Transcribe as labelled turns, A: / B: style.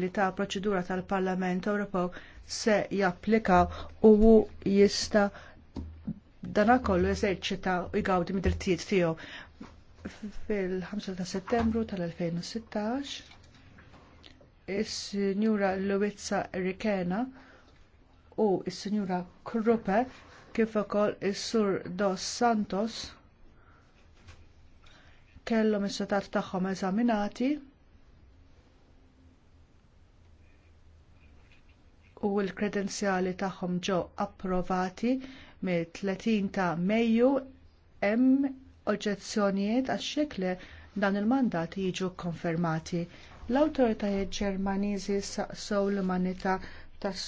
A: li ta' proċedura tal-Parlament Ewropew se japplikaw u jista dan kollu eżerċita u jgawdi mid-drittijiet tiegħu. Fil-5 ta' settembru tal-2016 is-Sinjura Luizza Rikena u is-Sinjura Krupe kif ukoll is-Sur Dos Santos kellhom is sotat tagħhom eżaminati u l-kredenzjali tagħhom ġew approvati mill-30 ta' Mejju hemm oġġezzjonijiet għax le dan il-mandati jiġu konfermati. L-awtoritajiet Ġermaniżi saqsew l-umanità tas